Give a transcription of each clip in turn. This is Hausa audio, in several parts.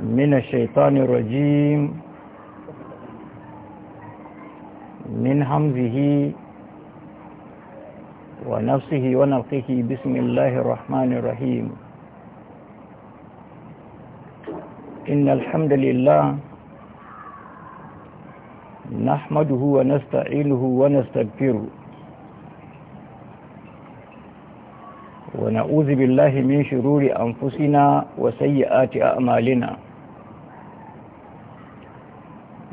من الشيطان الرجيم من همزه ونفسه ونفقه بسم الله الرحمن الرحيم إن الحمد لله نحمده ونستعينه ونستغفره ونعوذ بالله من شرور أنفسنا وسيئات أعمالنا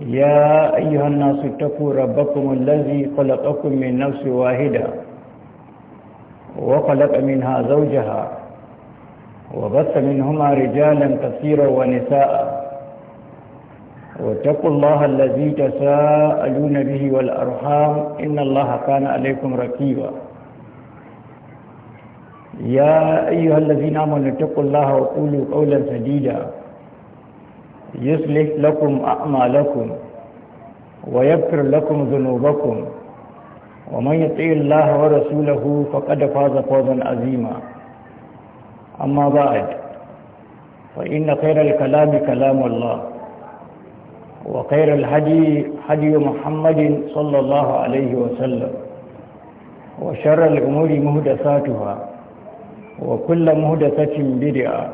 يا أيها الناس اتقوا ربكم الذي خلقكم من نفس واحدة وخلق منها زوجها وبث منهما رجالا كثيرا ونساء واتقوا الله الذي تساءلون به والأرحام إن الله كان عليكم ركيبا يا أيها الذين آمنوا اتقوا الله وقولوا قولا سديدا يصلح لكم أعمالكم ويغفر لكم ذنوبكم ومن يطع الله ورسوله فقد فاز فوزا عظيما أما بعد فإن خير الكلام كلام الله وخير الهدي هدي محمد صلى الله عليه وسلم وشر الأمور مهدساتها وكل مهدسة بدعة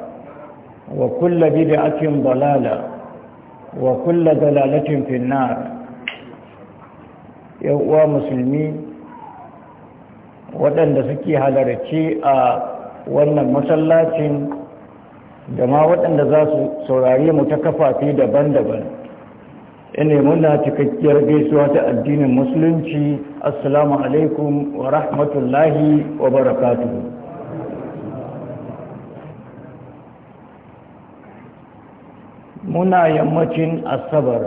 وكل balala, ضلالة وكل ضلالة في النار uwa-musulmi, waɗanda suke halarci a wannan masallacin da ma waɗanda za su saurari mu ta kafafi daban-daban ina muna cikakkiyar gaisuwa ta addinin musulunci assalamu alaikum wa rahmatullahi wa barakatuhu muna yammacin asabar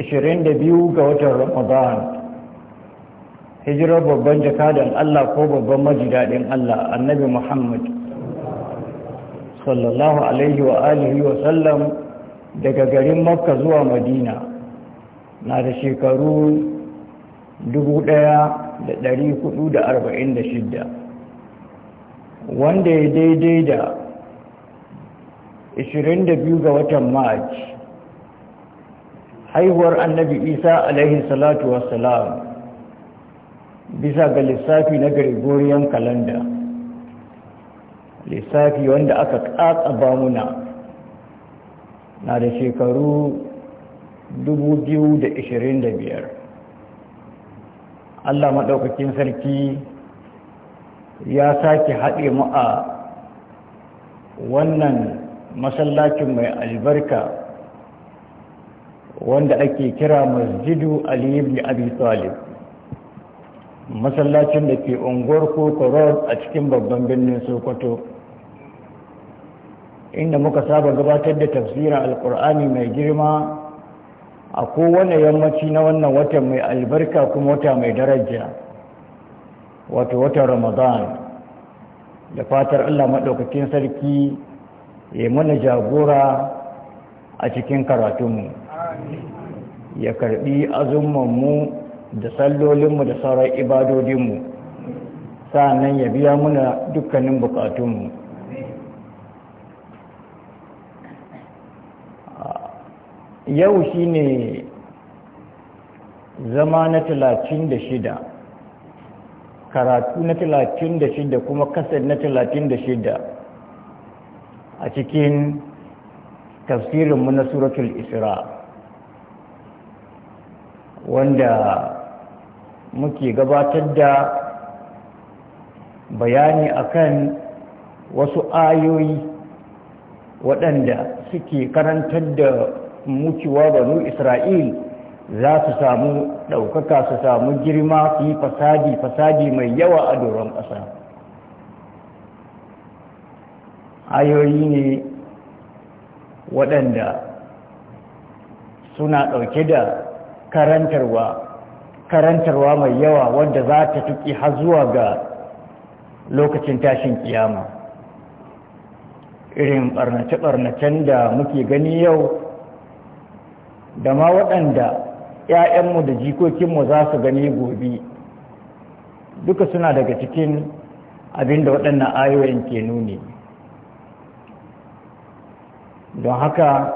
22 ga watan ramadan hijirar babban jakadan Allah ko babban majidadin Allah annabi Muhammad sallallahu alaihi wa alihi wa sallam daga garin makka zuwa madina na da shekaru 1446 wanda ya daidai da 22 ga watan march haihuwar annabi isa alaihi salatu wassalam bisa ga lissafi na gregorian calendar lissafi wanda aka kakaba bamuna na da shekaru 2025 allah maɗaukakin sarki ya sake haɗe mu a wannan masallacin mai albarka wanda ake kira masjidu ali ibn abi talib masallacin da ke unguwar koko a cikin babban birnin sokoto inda muka saba gabatar da tafsirin alkur'ani mai girma a kowane yammaci na wannan watan mai albarka kuma wata mai daraja wato watan ramadan da fatar allah maɗaukakin sarki ya mana jagora a cikin karatunmu ya karbi azumanmu da sallolinmu da sauran ibadodinmu sa'annan ya biya muna dukkanin bukatunmu yau shi ne zama na talatin da shida karatu na talatin da shida kuma kasar na talatin da shida a cikin tafsirinmu na suratul isra wanda muke gabatar da bayani akan wasu ayoyi waɗanda suke karantar da mucewa banu isra'il za su samu ɗaukaka su samu girma su yi fasadi fasadi mai yawa a doron ƙasa ayoyi ne waɗanda suna ɗauke da karantarwa karantarwa mai yawa wadda za ta tuki har zuwa ga lokacin tashin kiyama irin ɓarnace-ɓarnacen da muke gani yau da ma waɗanda 'ya'yanmu da jikokinmu za su gani gobe duka suna daga cikin abinda waɗannan ayoyin ke nuni don haka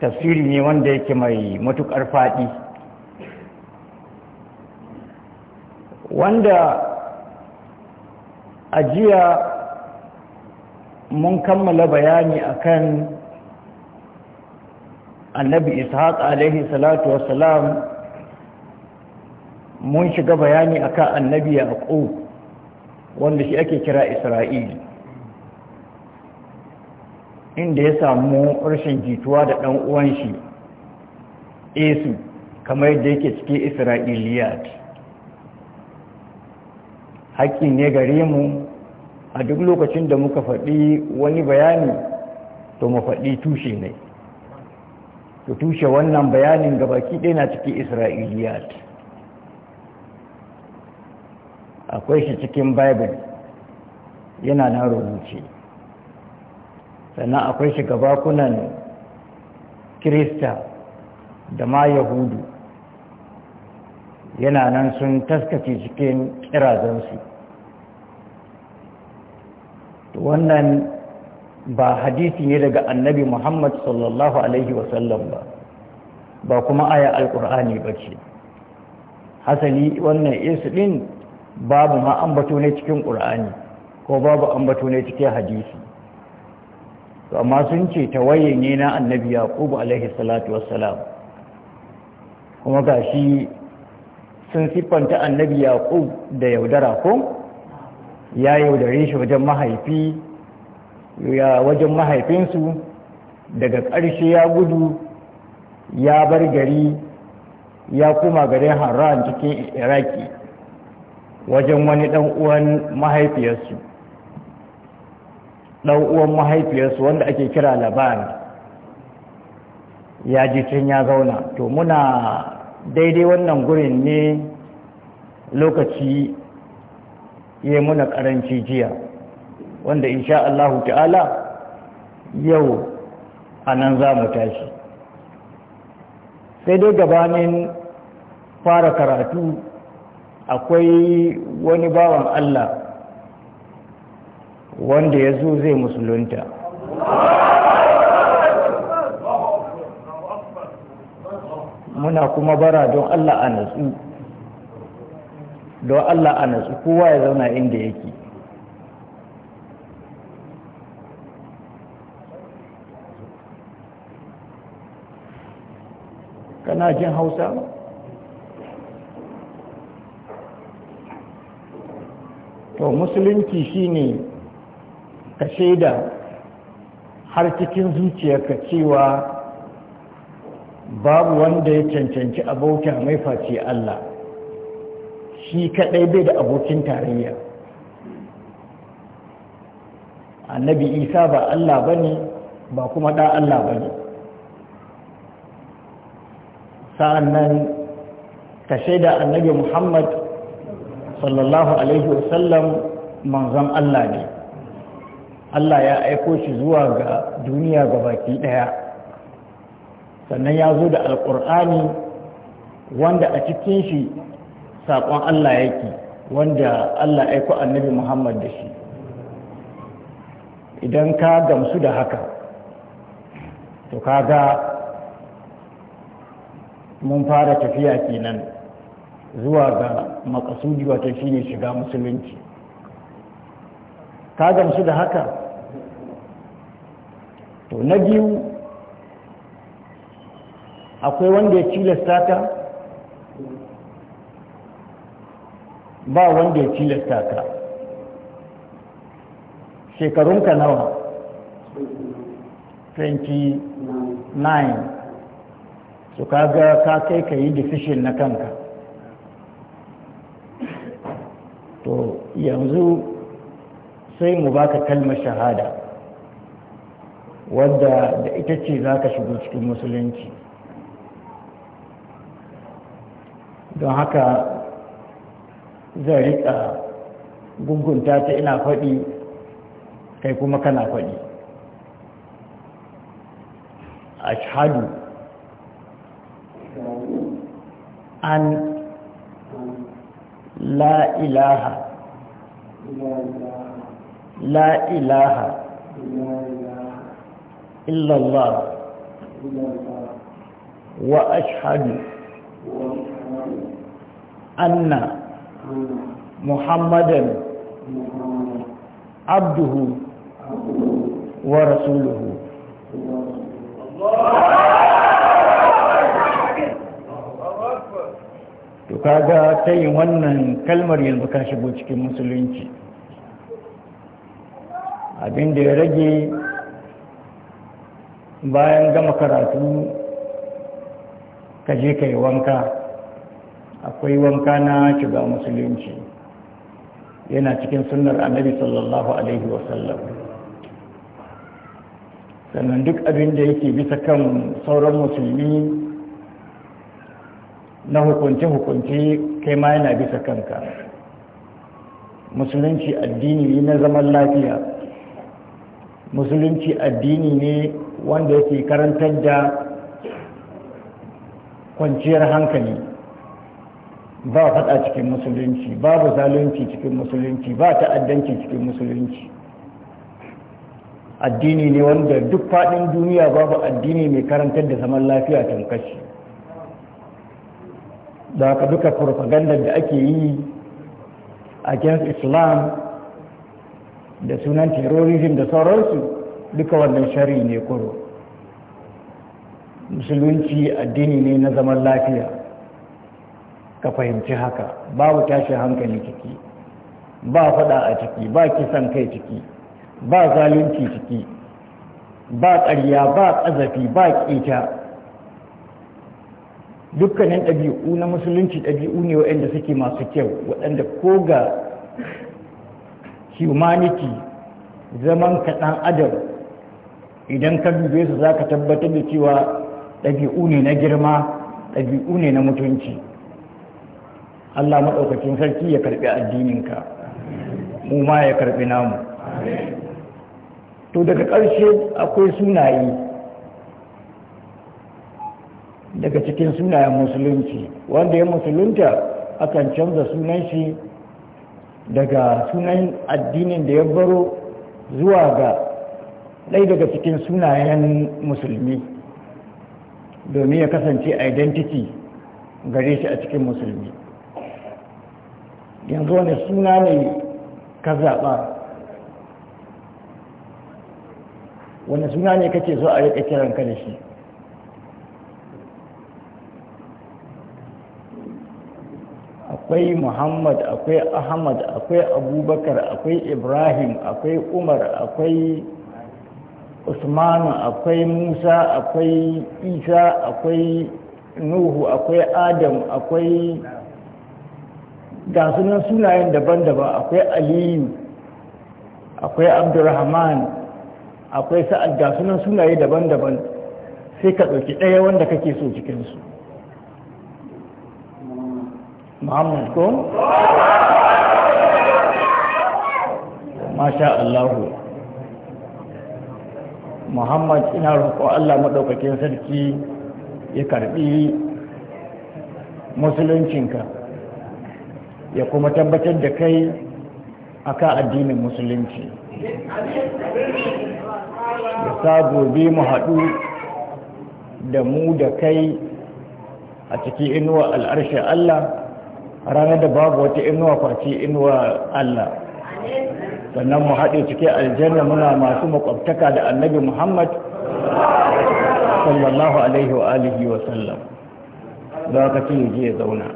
tafsiri ne wanda yake mai matukar faɗi wanda ajiya mun kammala bayani akan annabi ishaq alaihi salatu wassalam mun shiga bayani akan annabi yaqub wanda shi ake kira isra'ili inda ya samu rashin jituwa da ɗan uwan shi esu kamar yadda yake cikin isra'iliya haƙƙi ne gare mu a duk lokacin da muka faɗi wani bayani to mu faɗi tushe ne to tushe wannan bayanin gabaki ɗaya na cikin isra'iliyat akwai shi cikin bible yana na rubuce sannan akwai shugabakunan kirista da ma yahudu yana nan sun taskace cikin kirazansu wannan ba hadisi ne daga annabi muhammad sallallahu alaihi wasallam ba ba kuma aya alkur'ani ba ce hasali wannan isu din babu ma ambato ne cikin ƙur'ani ko babu ambato ne cikin hadisi to amma sun ce waye ne na annabi yaqub alaihi salatu wassalam kuma gashi sun siffanta annabi yaqub da yaudara ko ya yaudare shi wajen mahaifi ya wajen mahaifinsu daga ƙarshe ya gudu ya bar gari ya kuma garin haran cikin iraki wajen wani ɗan uwan mahaifiyarsu ɗan uwan mahaifiyarsu wanda ake kira laban ya ji can ya zauna to muna daidai wannan gurin ne lokaci ya muna ƙaranci jiya wanda insha Allahu ta'ala yau a nan za mu tashi sai dai gabanin fara karatu akwai wani bawan Allah wanda ya zo zai musulunta muna kuma bara don Allah a natsu don Allah a natsu kowa ya zauna inda yake kana jin hausa to musulunci shine ka shaida har cikin zuciyarka cewa babu wanda ya cancanci abokin mai face Allah shi kaɗai bai da abokin tarayya annabi isa ba Allah ba ne ba kuma ɗa Allah ba ne sa'an nan ka shaida annabi muhammad sallallahu alaihi wasallam manzon Allah ne Allah ya aiko shi zuwa ga duniya ga baki ɗaya sannan ya zo da alƙur'ani wanda a cikin shi saƙon Allah yake wanda Allah aiko annabi Muhammad da shi idan ka gamsu da haka to kaga mun fara tafiya kenan zuwa ga makasudi wata shine shiga musulunci ka gamsu da haka to na biyu akwai wanda ya tilasta ta ba wanda ya tilasta ka shekarunka nawa 29 su kaga ka kai ka yi decision na kanka to yanzu sai mu baka kalmar shahada wadda da ita ce za ka shigo cikin musulunci don haka zai rika gungunta ta ina faɗi kai kuma kana faɗi ashhadu an la'ilaha la'ilaha إلا الله وأشهد أن محمدا عبده ورسوله to kaga ta yin wannan kalmar yanzu ka shigo cikin musulunci abinda ya rage bayan gama karatu ka je ka yi wanka akwai wanka na shiga musulunci yana cikin sunnar annabi sallallahu alaihi wasallam sannan duk abin da yake bisa kan sauran musulmi na hukunce-hukunce kai ma yana bisa kanka musulunci addini ne na zaman lafiya musulunci addini ne wanda yake karantar da kwanciyar hankali ba faɗa cikin musulunci babu zalunci cikin musulunci ba ta'addanci cikin musulunci addini ne wanda duk faɗin duniya babu addini mai karantar da zaman lafiya tankashi da ka duka farfagandar da ake yi against islam da sunan terrorism da sauransu duka wannan shari ne kuro musulunci addini ne na zaman lafiya ka fahimci haka babu tashi hankali ciki ba fada a ciki ba kisan kai ciki ba zalunci ciki ba ƙarya ba ƙazafi ba ƙeta dukkanin ɗabi'u na musulunci ɗabi'u ne waɗanda suke masu kyau waɗanda ko ga humanity zaman kaɗan adam idan ka dube su za ka tabbatar da cewa ɗabi'u ne na girma ɗabi'u ne na mutunci Allah maɗaukacin sarki ya karɓi addininka mu ma ya karɓi namu to daga ƙarshe akwai sunaye daga cikin sunayen musulunci wanda ya musulunta akan canza sunan shi daga sunan addinin da ya baro zuwa ga ɗaya daga cikin sunayen musulmi domin ya kasance identity gare shi a cikin musulmi yanzu wani suna ne ka zaɓa wani suna ne kake zo a riƙa ka da shi akwai muhammad akwai ahmad akwai abubakar akwai ibrahim akwai umar akwai usmanu akwai musa akwai isa akwai nuhu akwai adam akwai gasunan sunan sunayen daban-daban akwai aliyu akwai abdurrahman akwai sa'ad gasunan sunan sunaye daban-daban sai ka ɗauki ɗaya wanda kake so cikinsu muhammad ko? masha allahu muhammad ina roƙo allah maɗaukakin sarki ya karɓi musuluncinka ya kuma tabbatar da kai akan addinin musulunci ya sa gobe mu haɗu da mu da kai a ciki inuwa al'arshe allah ranar da babu wata inuwa kwaci inuwa allah sannan mu haɗe cike aljanna muna masu makwabtaka da annabi muhammad sallallahu alaihi wa alihi wa sallam za ka ce je ya zauna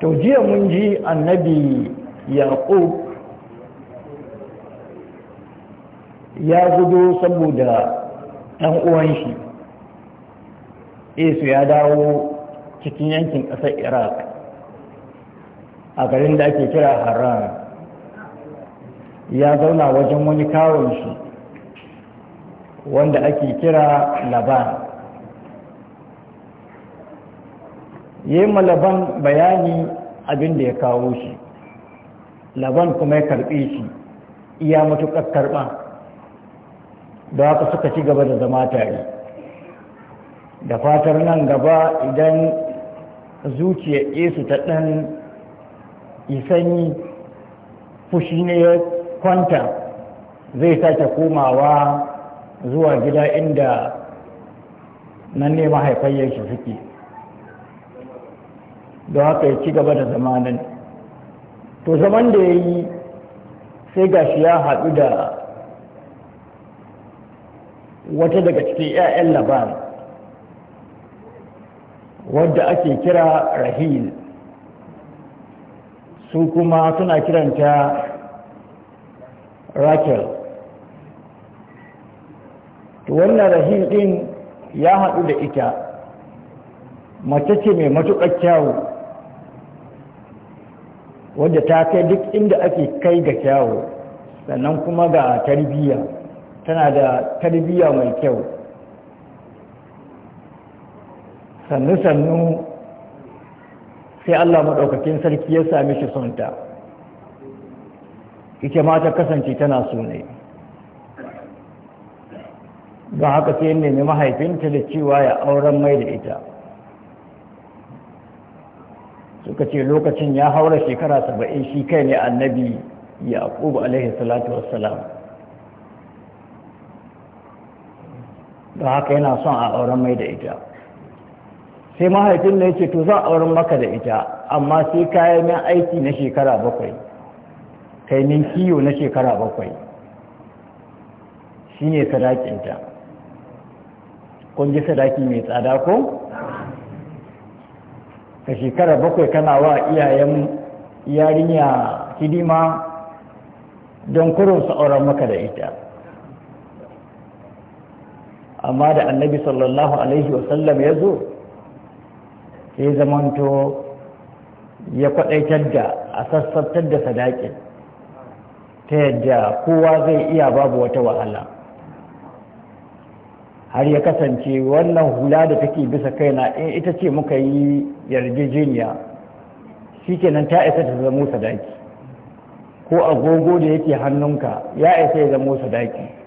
to jiya mun ji annabi yaqub ya gudo saboda ɗan uwan shi esu ya dawo cikin yankin ƙasar iraq a garin da ake kira haram ya zauna wajen wani kawon shi wanda ake kira laban ya yi laban bayani abin da ya kawo shi laban kuma ya karɓe shi iya matuƙar karɓa da haka suka ci gaba da zama tare da fatar nan gaba idan zuciyar yesu ta ɗan isanyi fushi ne ya kwanta zai sake komawa zuwa gida inda nan ne mahaifayyar shi suke da haka ya ci gaba da zamanin to zaman da ya yi sai gashi ya haɗu da wata daga cikin 'ya'yan laban wadda ake kira rahil su kuma suna kiranta rachel to wannan rahil din ya haɗu da ita mace ce mai matuƙar kyawu wadda ta kai duk inda ake kai ga kyawu sannan kuma ga tarbiyya tana da tarbiyya mai kyau sannu-sannu sai Allah maɗaukakin sarki ya sami shi sonta ita ma ta kasance tana so ne don haka sai nemi mahaifinta da cewa ya auren mai da ita suka ce lokacin ya haura shekara saba'in shi kai ne annabi ya salatu wassalam don haka yana son a auren mai da ita sai mahaifin ne ce to za a auren maka da ita amma sai kayan min aiki na shekara bakwai kai min kiyo na shekara bakwai shi ne sadakinta kun sadaki mai tsada ko? ka shekara bakwai kana wa iyayen yarinya hidima don kurin su auren maka da ita amma da annabi sallallahu alaihi wasallam ya zo sai zamanto ya kwadaitar da a sassabtar da sadakin ta yadda kowa zai iya babu wata wahala har ya kasance wannan hula da take bisa kaina in ita ce muka yi yarjejeniya shi nan ta isa ta zamo sadaki ko agogo da yake hannunka ya isa ya zamo sadaki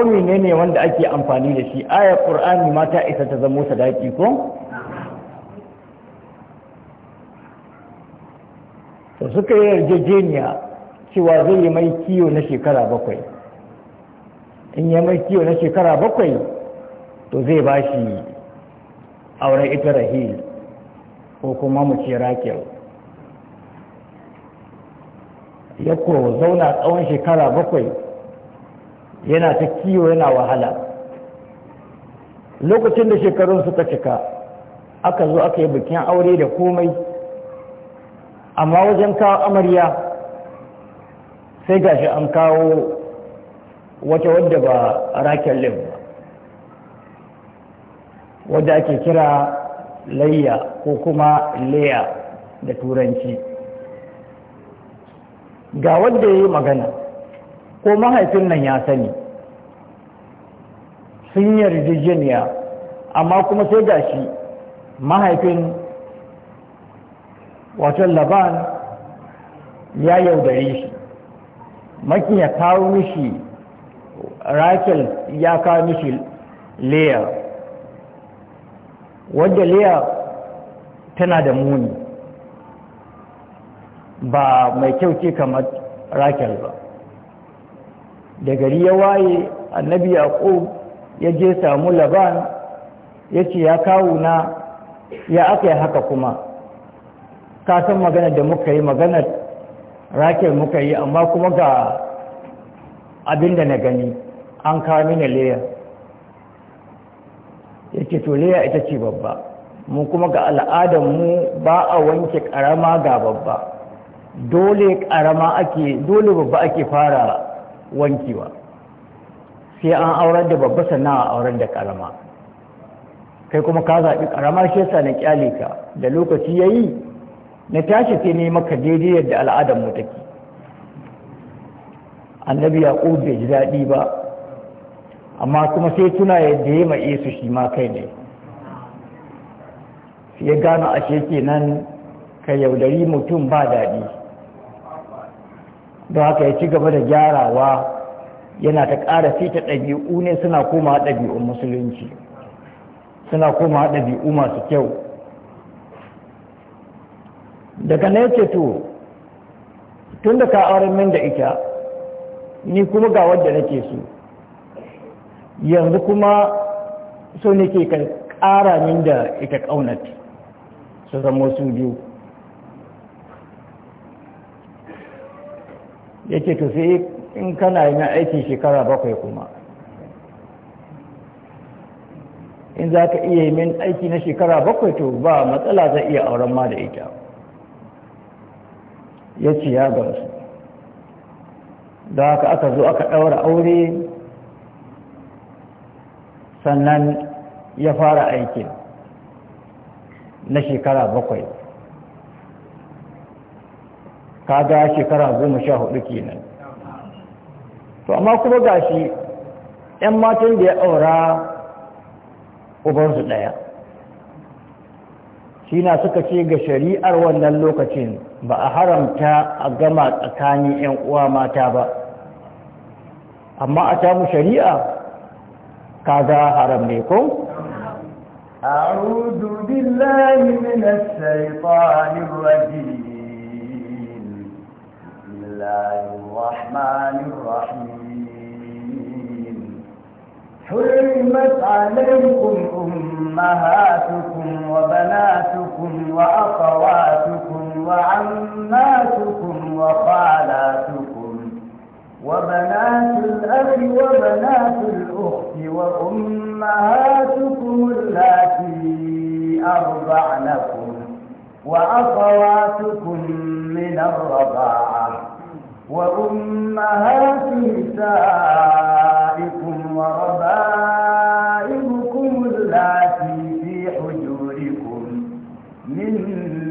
ne ne wanda ake amfani da shi ayar ƙur'ani mata ta isa ta zamo sadaki ko to suka yi yarjejeniya cewa zai yi mai kiyo na shekara bakwai in ya mai kiyo na shekara bakwai to zai ba shi auren ita rahil ko kuma mu ce rakiyar ya ko zauna tsawon shekara bakwai yana ta kiwo yana wahala lokacin da shekarun suka cika aka zo aka yi bikin aure da komai amma wajen kawo amarya sai gashi an kawo wata wadda ba rakin lim wadda ake kira layya ko kuma leya da turanci ga wadda ya yi magana ko mahaifin nan ya sani sun yarjejeniya amma kuma sai ga shi mahaifin wato laban ya yaudare shi makin ya kawo mishi rakel ya kawo mishi leya wadda leya tana da muni ba mai kyau ce kamar rakel ba da gari ya waye annabi yaqub ya je samu laban ya ce ya kawo na ya aka yi haka kuma ka san magana da muka yi maganar rakin muka yi amma kuma ga abin da na gani an kawo mini leya ya ce to leya ita ce babba mu kuma ga al'adarmu ba a wanke karama ga babba dole babba ake fara wankewa sai an aurar da babba sannan a aurar da karama kai kuma ka zaɓi karama shi yasa na kyale ka da lokaci yayi na tashi sai ne maka daidai yadda al'adar mu take annabi ya bai ji daɗi ba amma kuma sai tuna yadda ya ma su shi ma kai ne ya gano ashe kenan ka yaudari mutum ba daɗi don haka ya ci gaba da gyarawa yana ta ƙara fita ɗabi'u ne suna koma ɗabi'un musulunci suna koma ɗabi'u masu kyau daga na yake to tun da ka auren min da ita ni kuma ga wadda nake so yanzu kuma so nake ka ƙara min da ita ƙaunat su zama su biyu Yake ce to sai in kana yi aiki shekara bakwai kuma in za ka iya yi min aiki na shekara bakwai to ba matsala zai iya auren ma da ita ya ce ya gamsu da haka aka zo aka ɗaura aure sannan ya fara aikin na shekara bakwai Ka kaga shekara goma sha hudu kenan to amma kuma gashi yan matan da ya aura ubansu ɗaya shi na suka ce ga shari'ar wannan lokacin ba a haramta a gama tsakanin 'yan uwa mata ba amma a tamu shari'a Ka kaga haram ne ko? أعوذ بالله من الشيطان الرجيم الله الرحمن الرحيم حرمت عليكم أمهاتكم وبناتكم وأخواتكم وعماتكم وخالاتكم وبنات الأخ وبنات الأخت وأمهاتكم اللاتي أرضعنكم وأخواتكم من الرضاعة وأمهات نسائكم وربائبكم اللاتي في حجوركم من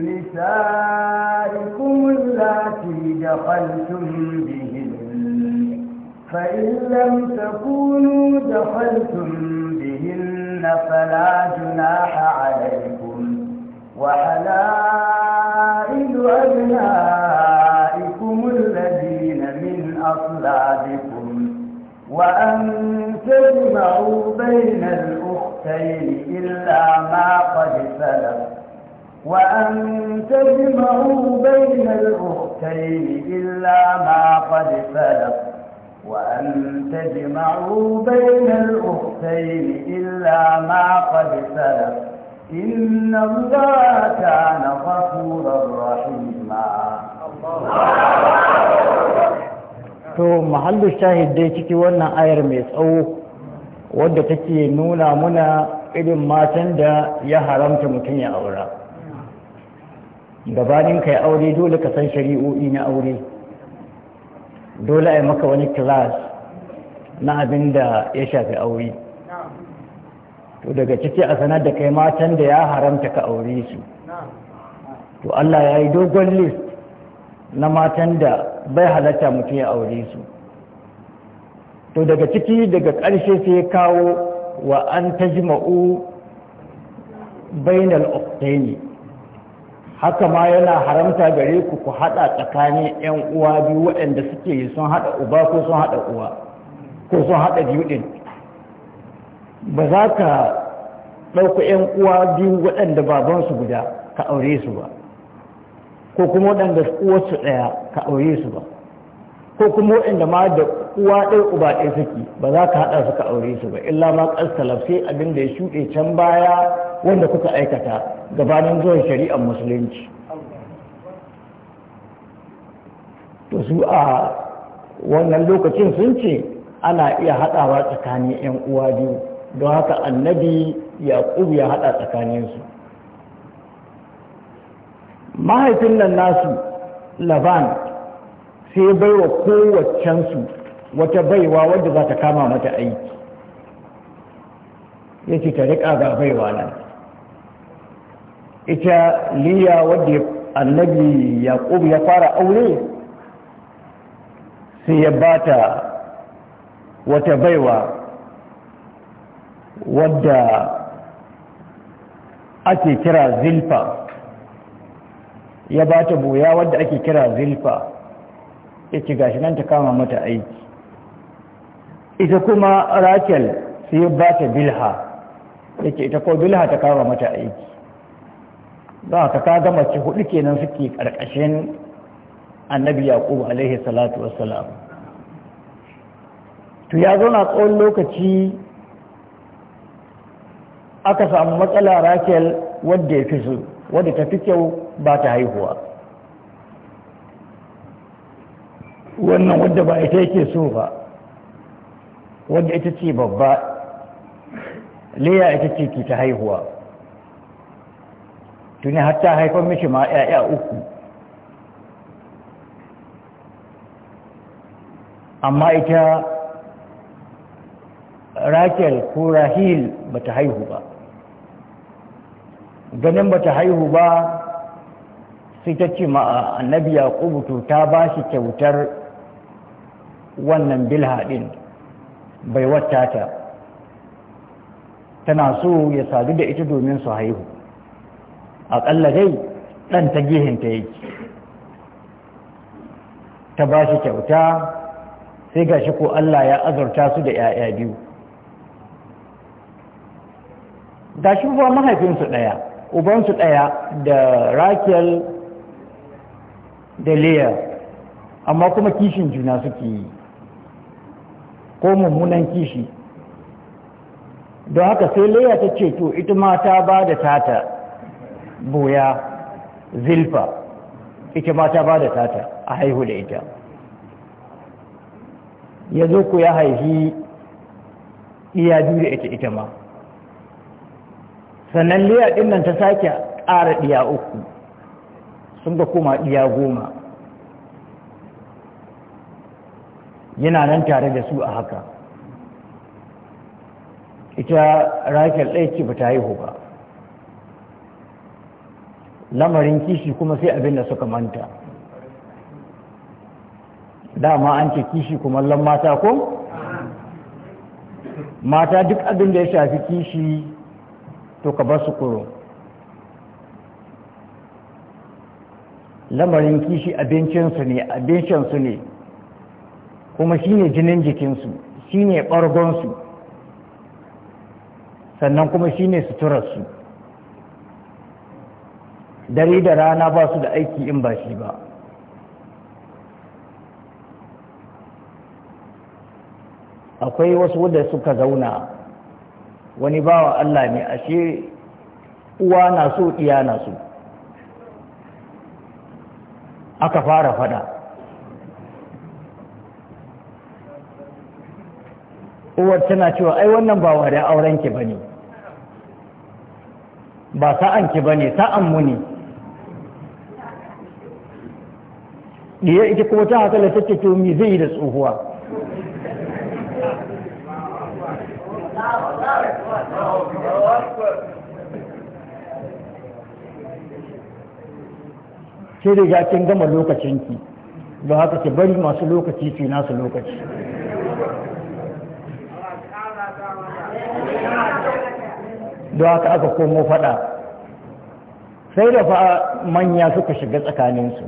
نسائكم اللاتي دخلتم بهن فإن لم تكونوا دخلتم بهن فلا جناح عليكم وحلائل أبنائكم أصلابكم وأن تجمعوا بين الأختين إلا ما قد سلف وأن تجمعوا بين الأختين إلا ما قد سلف وأن تجمعوا بين الأختين إلا ما قد سلف إن الله كان غفورا رحيما الله to mahallu shahid dai ciki wannan ayar mai tsawo wadda take nuna muna irin matan da ya haramta mutum ya aura gabanin kai aure dole ka san shari'o'i na aure dole a yi maka wani klas na abin da ya shafi aure to daga ciki a sanar da kai matan da ya haramta ka aure su to Allah ya yi dogon list na matan da bai halatta mutum ya aure su to daga ciki daga ƙarshe sai ya kawo wa an ta jima'u bainal oktaini haka ma yana haramta gare ku ku haɗa tsakanin 'yan uwa biyu waɗanda suke sun haɗa uba ko sun haɗa uwa ko sun haɗa biyu ɗin ba za ka ɗauka 'yan uwa biyu waɗanda babansu guda ka aure su ba ko kuma waɗanda su ɗaya ka aure su ba ko kuma waɗanda ma da uwa ɗaya uba ɗaya suke ba za ka haɗa su ka aure su ba illa ma ƙastalaf sai abin da ya shuɗe can baya wanda kuka aikata gabanin zuwan shari'ar musulunci to su a wannan lokacin sun ce ana iya haɗawa tsakanin 'yan uwa biyu don haka annabi yaƙub ya haɗa tsakaninsu mahaifin nan nasu laban sai baiwa kowaccensu wata baiwa wadda za ta kama mata aiki ya ce ta riƙa ga baiwa nan ita liya wadda annabi yaƙub ya fara aure sai ya ba ta wata baiwa wadda ake kira zilfa ya ba ta boya wadda ake kira zilfa ya ci gashi nan ta kama mata aiki ita kuma rakel sai ba ta bilha ya ce ita ko bilha ta kama mata aiki za ka kaga mace hudu kenan suke karkashin annabi yaqub alaihi salatu wassalam to ya na tsawon lokaci aka samu matsala rakel wadda ya fi su wadda ta fi kyau ba ta haihuwa wannan wadda ba ita yake so ba wadda ita ce babba leya ita ce ki ta haihuwa tuni hatta haifar mishi ma 'ya'ya uku amma ita rakel ko rahil ba ta haihu ba ganin bata haihu ba sai ta ce ma annabi yaqubu to ta ba shi kyautar wannan bilha bai wata ta tana so ya sadu da ita domin su haihu aƙalla dai ɗan ta ta yake ta ba shi kyauta sai ga shi ko Allah ya azurta su da 'ya'ya biyu ga shi ba mahaifinsu ɗaya ubansu ɗaya da rakel da leya amma kuma kishin juna suke yi ko mummunan kishi don haka sai leya ta ce to ita ma ta ba da tata boya zilfa ita ma ta ba da tata a haihu da ita ya zo ku ya haifi iya biyu da ita ita ma sannan liya ɗin nan ta sake ƙara ɗiya uku sun ga kuma ɗiya goma yana nan tare da su a haka ita rakel ɗaya ce ba ta haihu ba lamarin kishi kuma sai abin da suka manta dama an ce kishi kumallon mata ko mata duk abin da ya shafi kishi to ka ba su kuro lamarin kishi abincinsu ne abincinsu ne kuma shi ne jinin jikinsu shi ne ɓargonsu sannan kuma shi ne suturarsu dare da rana ba su da aiki in ba shi ba akwai wasu wadda suka zauna wani bawa Allah ne ashe uwa na so iya na so aka fara fada uwar tana cewa ai wannan ba wari aurenki ba ne ba sa'anki ba ne sa'anmu ne ita kuma ta hakala ta ce to me zai yi da tsohuwa Sai riga kin gama lokacinki don haka ki bari masu lokaci su nasu lokaci don haka aka komo fada sai da fa manya suka shiga tsakaninsu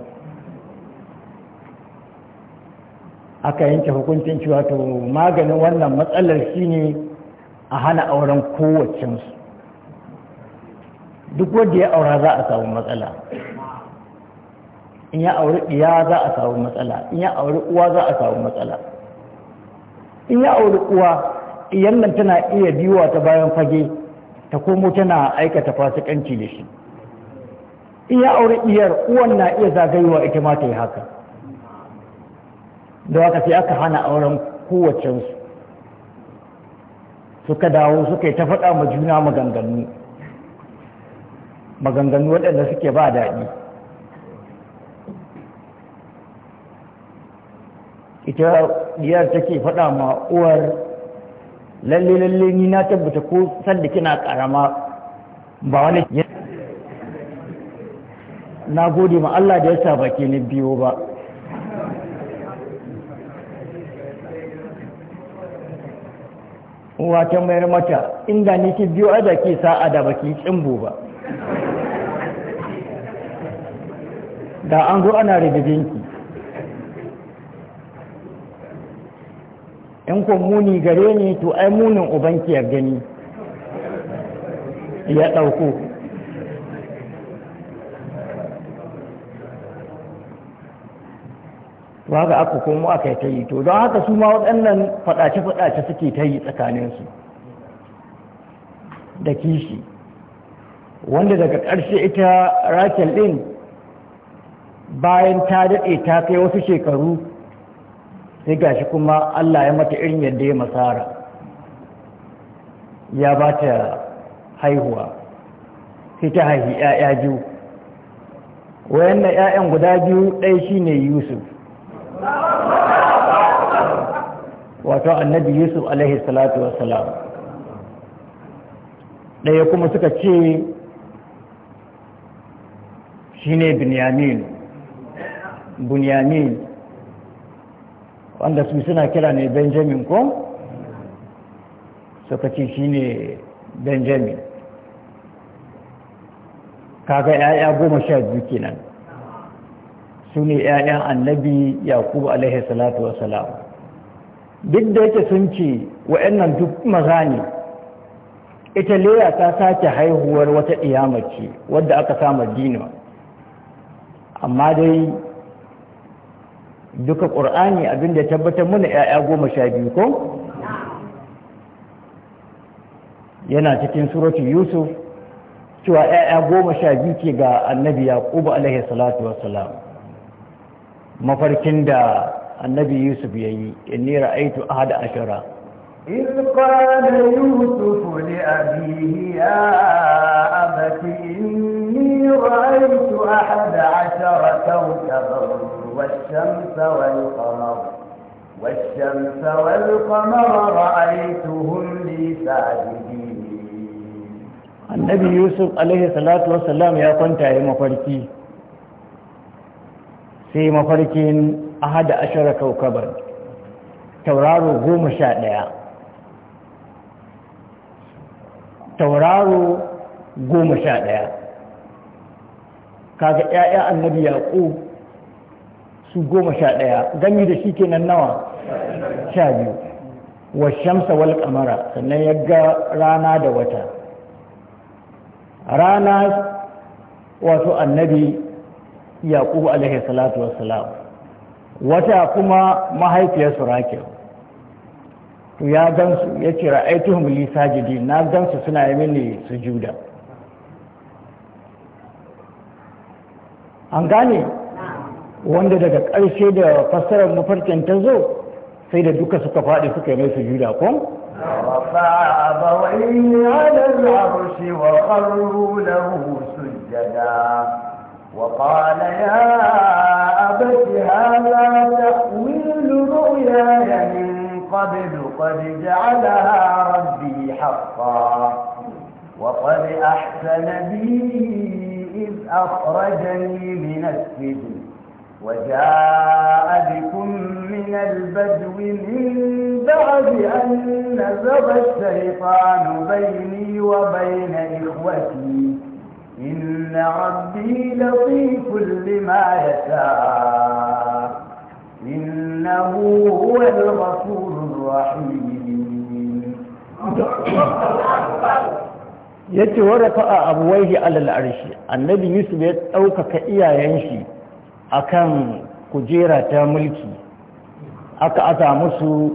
aka yanke hukuncin cewa to maganin wannan matsalar ne a hana auren kowacensu duk wanda ya aura za a samu matsala in ya auri iya za a samu matsala in ya auri uwa za a samu matsala in ya auri uwa iyan nan tana iya biyuwa ta bayan fage ta komo tana aikata fasikanci da shi in ya auri iyar uwan na iya zagayewa ita ma ta yi haka da waka sai aka hana auren kowacensu suka dawo suka yi ta faɗa ma juna maganganu maganganu waɗanda suke ba daɗi ita diyar take faɗa ma uwar lalle lalle ni na tabbata ko sanda kina karama ba wani na gode ma Allah da ya sa baki ni biyo ba uwa ta mayar mata inda ni ki biyo ada ki sa'a da baki tsimbo ba da an zo ana binki. in kun muni gare ni to ai munin ubanki gani ya ɗauko to haka aka komo aka yi ta yi to don haka su ma waɗannan faɗace-faɗace suke ta yi tsakaninsu da kishi wanda daga ƙarshe ita rakel ɗin bayan ta daɗe ta kai wasu shekaru sai ga shi kuma Allah ya mata irin yadda ya masara ya ba ta haihuwa sai ta haihi 'ya'ya biyu na 'ya'yan guda biyu ɗaya ne Yusuf wato annabi Yusuf alaihi salatu salam. ɗaya kuma suka ce shine Binyamin Binyamin. wanda su suna kira ne benjamin ko suka ce shi ne benjamin kaga 'ya'ya goma sha biyu kenan su ne 'ya'yan annabi yakubu alaihi salatu wasalam duk da yake sun ce wa'annan duk maza ne ita leya ta sake haihuwar wata iyamace wadda aka sa madina amma dai duka ƙur'ani abinda ya tabbatar mana ‘ya'ya goma sha biyu ko? yana cikin suratun yusuf cewa ‘ya'ya goma sha biyu ke ga annabi yaƙubu alaihi salatu wassalam mafarkin da annabi yusuf ya yi inni ra'aitu ahada ashara إذ قال يوسف لأبيه يا أبت إني رأيت عشر كوكبا والشمس والقمر والشمس والقمر رأيتهم لي ساجدين النبي يوسف عليه الصلاة والسلام يا كنت يا مفركي sai mafarkin ahada ashara kaukabar tauraro goma sha ɗaya tauraro goma sha ɗaya kaga 'ya'ya annabi yaƙo su goma sha ɗaya gani da shi kenan nawa sha biyu wa shamsa wal kamara sannan ya ga rana da wata rana wato annabi yaqub alaihi salatu wassalam wata kuma mahaifiyarsu rake to ya gansu ya ce ra'aituhum li sajidin na gansu suna yi mini sujuda an gane wanda daga ƙarshe da fassarar mafarkin ta zo sai da duka suka faɗi suka yi mai sujuda ko ورفع أبويه على العرش وخروا له سجدا وقال يا أبت هذا تأويل رؤياي من قبل قد جعلها ربي حقا وقد أحسن بي إذ أخرجني من السجن وجاء بكم من البدو من بعد أن نزغ الشيطان بيني وبين إخوتي إن ربي لطيف لما يشاء إنه هو الغفور الرحيم yace wa abu abwayhi alal arshi annabi yusuf ya ɗaukaka iyayen shi akan kujera ta mulki aka asa musu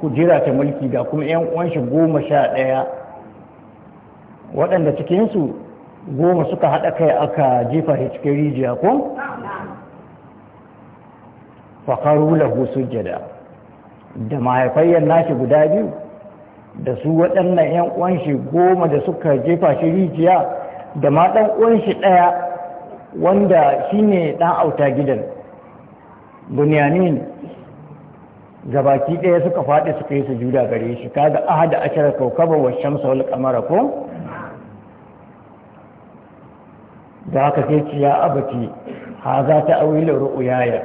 kujera ta mulki ga kuma yan uwan shi goma sha ɗaya waɗanda cikinsu goma suka haɗa kai aka jefa shi cikin rijiya ko faƙaru lahu sujjada da mahaifayyar nashi guda biyu da su waɗannan 'yan uwan goma da suka jefa shi rijiya da ma ɗan uwan shi ɗaya wanda shine ɗan auta gidan bunyamin gabaki ɗaya suka faɗi suka yi sujuda gare shi kaga ahad ashara kaukaba wa shamsa wal qamara ko da haka sai ce ya abati haza ta awila ru'yaya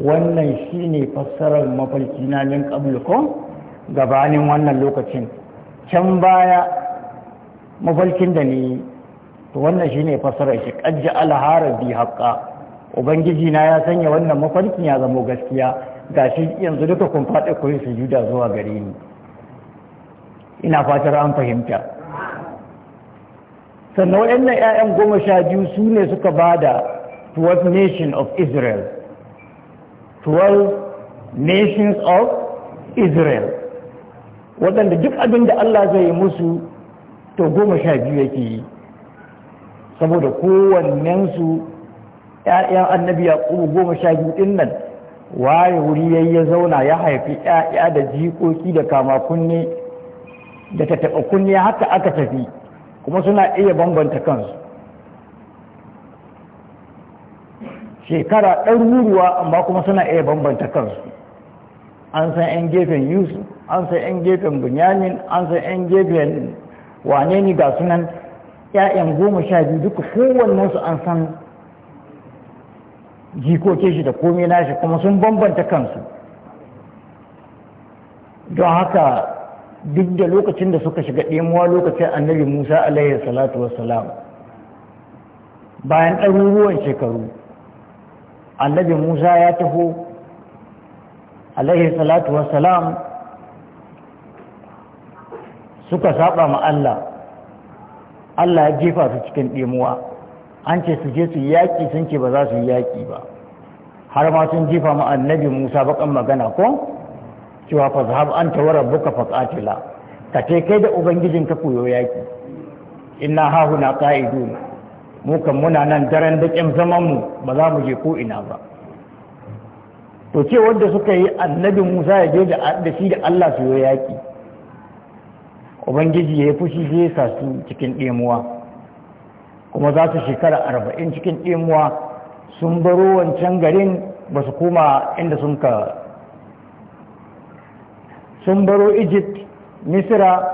wannan shine fassarar mafarki na min qablukum gabanin wannan lokacin can baya mafarkin da ni to wannan shi ne fasara shi qajja alharabi haƙa ubangiji na ya sanya wannan mafarkin ya zama gaskiya shi yanzu duka kun faɗi kuri su juda zuwa gare ni ina fatar an fahimta sannan waɗannan 'ya'yan goma sha biyu su ne suka ba da 12 nation of israel nations of israel waɗanda duk abin da Allah zai musu to goma sha biyu yake yi saboda kowannensu ‘ya'yan annabi yaƙubu goma sha biyu ɗin nan waye wuri yayi ya zauna ya haifi ‘ya'ya da jikoki da kama kunne da ta taɓa kunne haka aka tafi kuma suna iya bambanta kansu shekara ɗaruruwa amma kuma suna iya bambanta kansu an san 'yan gefen yusuf an san 'yan gefen bunyamin an san 'yan gefen wane ne ga sunan 'ya'yan goma sha biyu duka kowannensu an san jikoke shi da komai nashi kuma sun bambanta kansu don haka duk da lokacin da suka shiga ɗemuwa lokacin annabi musa alayhi salatu wassalam bayan ɗaruruwan shekaru annabi musa ya taho alaihi salatu salam suka saba ma Allah Allah ya jefa su cikin ɗimuwa an ce su je su yaƙi sun ce ba za su yi yaƙi ba har ma sun jefa ma annabi musa baƙan magana ko cewa fa zahab an tawara buka ƙatila ka ce kai da ubangijin ka koyo yaƙi inna hahuna qa'idun mu kan muna nan daren da zaman mu ba za mu je ko ina ba to ce wanda suka yi annabi musa ya je da shi da allah su yi yaƙi ubangiji ya yi fushi je sa su cikin ɗemuwa kuma za su shekara arba'in cikin ɗemuwa sun baro wancan garin ba su koma inda sun ka sun baro egypt misira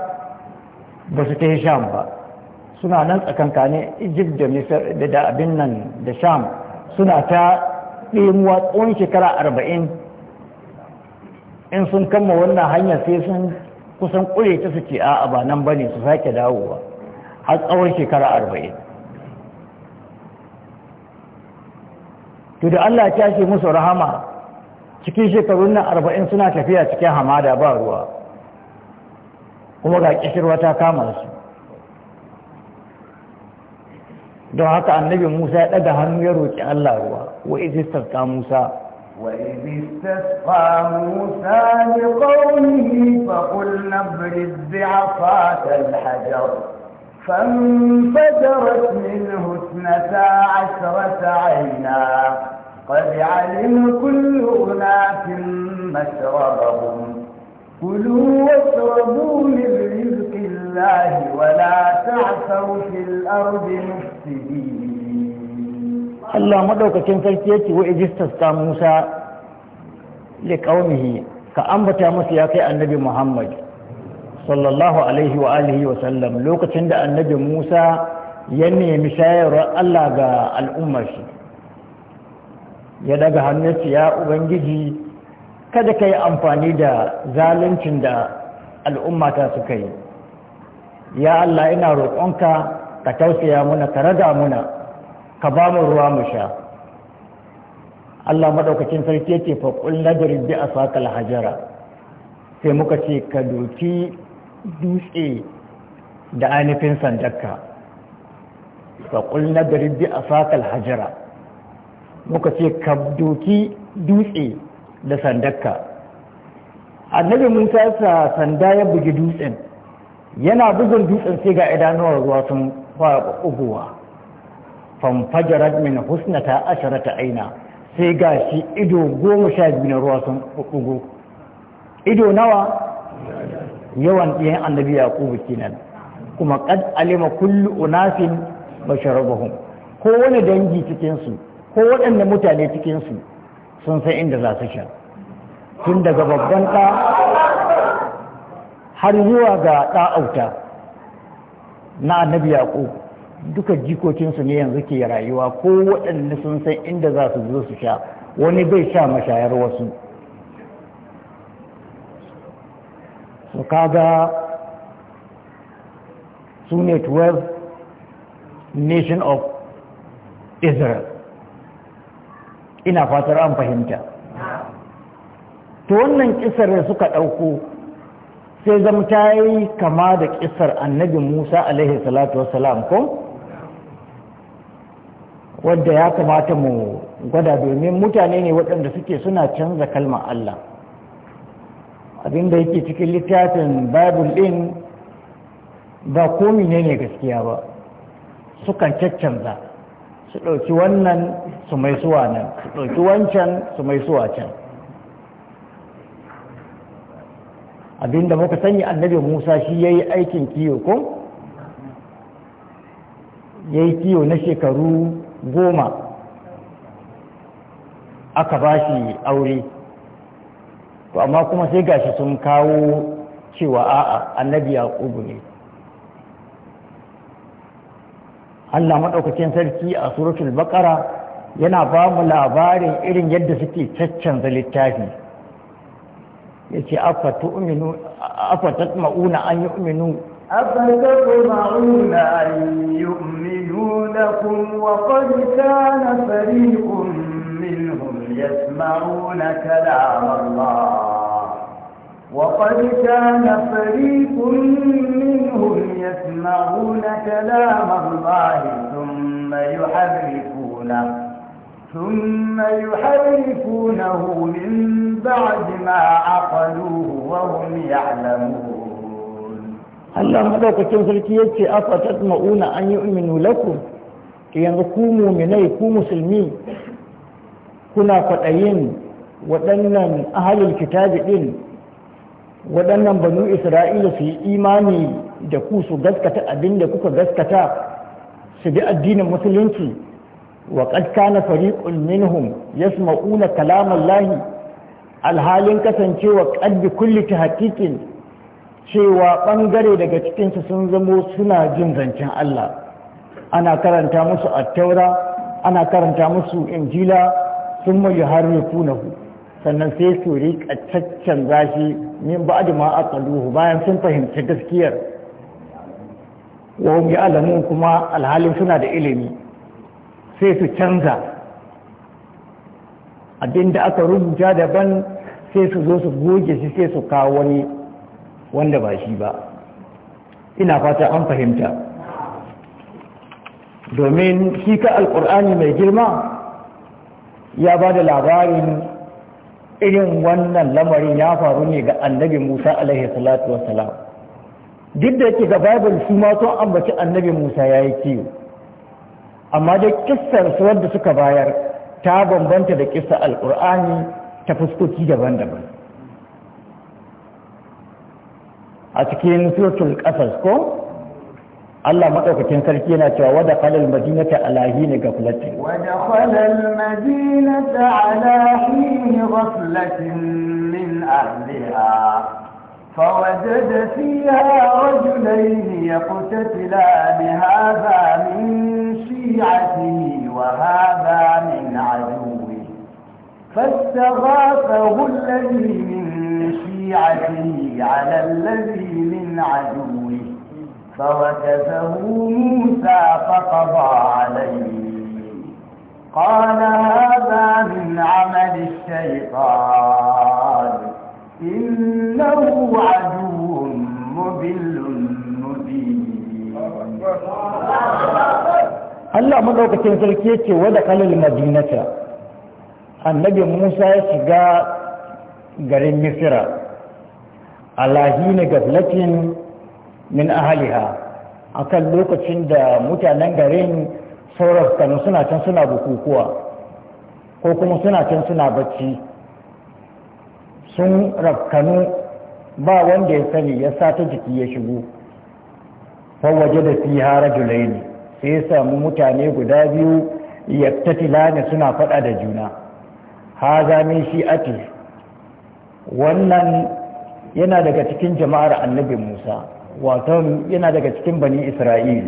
ba su ta yi sham ba suna nan tsakankane egypt da abin nan da sham suna ta ɗemuwa tsawon shekara arba'in in sun kama wannan hanyar, sai sun kusan ƙure ta su ce a'a ba nan ba ne su sake dawowa har tsawon shekara arba'in to da Allah ya tashi musu rahama cikin shekarun nan arba'in suna tafiya cikin hamada ba ruwa kuma ga kishirwa ta kama su don haka annabi Musa ya daga hannu ya roki Allah ruwa wa istisqa Musa وإذ استسقى موسى لقومه فقلنا ابرز بعصاك الحجر فانفجرت منه اثنتا عشرة عينا قد علم كل أناس مشربهم كلوا واشربوا من رزق الله ولا تعثوا في الأرض مفسدين Allah madaukakin sarki yake wa ijistas ta Musa li qaumihi ka ambata musu ya kai annabi Muhammad sallallahu alaihi wa alihi wa sallam lokacin da annabi Musa ya nemi shayarwar Allah ga al'ummar shi ya daga hannunsa ya ubangiji kada ka amfani da zaluncin da al'ummata suka yi ya Allah ina roƙonka ka tausaya muna ka raga muna ka ba mu ruwa mu sha Allah madaukakin sarki yake fa qul ladri bi asaqal hajara sai muka ce ka doki dutse da anifin sandarka fa qul ladri bi asaqal hajara muka ce ka doki dutse da sandarka annabi Musa sa sanda ya bugi dutsen yana bugun dutsen sai ga idanuwar ruwa sun khab ubuwa fanfajarat min husnata asharata aina sai gashi ido goma sha biyu ruwa sun ugu ido nawa yawan ɗiyan annabi yaqubu kenan kuma qad alima kullu unasin basharabahum ko wani dangi cikin su ko waɗanne mutane cikin su sun san inda za su sha tun daga babban ɗa har zuwa ga ɗa'auta na annabi yaqub duka jikokinsu ne yanzu ke rayuwa ko waɗanda sun san inda za su zo su sha wani bai sha mashayar wasu su kaga su ne 12 nation of israel ina fatar an fahimta to wannan kisar da suka ɗauko sai zama ta yi kama da kisar annabi musa alaihi salatu salam ko wadda ya kamata mu gwada domin mutane ne waɗanda suke suna canza kalma allah abinda yake cikin littafin bible din ba komi ne ne gaskiya ba sukan caccanza su ɗauki wannan su mai suwa nan su ɗauki wancan su mai suwa can abinda muka sani annabi musa shi ya yi aikin kiyo ko ya yi kiyo na shekaru goma aka ba shi aure to amma kuma sai gashi sun kawo cewa a'a annabi yaqubu ne Allah maɗaukacin sarki a suratul baqara yana ba mu labarin irin yadda suke caccanza littafi yace afa tu'minu afa tatma'una an yu'minu afa tatma'una an yu'minu lakum wa qad kana fariqun minhum yasma'una kalam Allah wa qad kana fariqun minhum yasma'una kalam Allah thumma يحرفونه ثم يحرفونه من بعد ما عقلوه وهم يعلمون الله مدوكتين سلكي يتي أفتطمعون أن يؤمنوا لكم كي ينقوا مؤمني كو مسلمين كنا فتأين waɗannan ahalul kitabi ɗin waɗannan banu isra'ila suyi imani da ku su gaskata abinda kuka gaskata su ji addinin musulunci وقد كان فريق منهم يسمعون كلام الله alhalin kasancewa ƙaddi kulli ta hakikin cewa ɓangare daga cikin cikinsu sun zamo suna jin zancen Allah ana karanta musu attaura ana karanta musu injila sun mai harrifu na sannan sai su riƙa caccan zashi min ba da aqaluhu bayan sun fahimci gaskiyar wa alamu kuma alhalin suna da ilimi sai su canza abinda aka rubuta daban sai su zo su goge shi sai su kawo wani wanda ba shi ba ina fata an fahimta domin shi ka alkur'ani mai girma ya ba da labarin irin wannan lamarin ya faru ne ga annabi musa alaihi salatu wasalam duk da yake ga bible su ma sun ambaci annabi musa ya yi kiwo amma dai kissar su wadda suka bayar ta bambanta da kissar alkur'ani ta fuskoki daban-daban a cikin suratul kasas ko Allah maɗaukakin sarki yana cewa wada ne madinata ala wadda kalil madina ta madinata ne ga gaflatin min ahliha فوجد فيها رجلين يقتتلان هذا من شيعته وهذا من عدوه فاستغاثه الذي من شيعته على الذي من عدوه فوكزه موسى فقضى عليه قال هذا من عمل الشيطان إنه عدو مبين Allah madaukakin sarki ya ce wadda madinata annabi Musa ya shiga garin Misira ga gaflatin min ahaliha akan lokacin da mutanen garin saurar suna can suna bukukuwa ko kuma suna can suna bacci sun rakkanu ba wanda ya sani ya sa ta jiki ya shigo fawaje da fi hara julaini sai ya samu mutane guda biyu ya tatila suna faɗa da juna ha ne shi ake wannan yana daga cikin jama'ar annabi musa wato yana daga cikin bani isra'il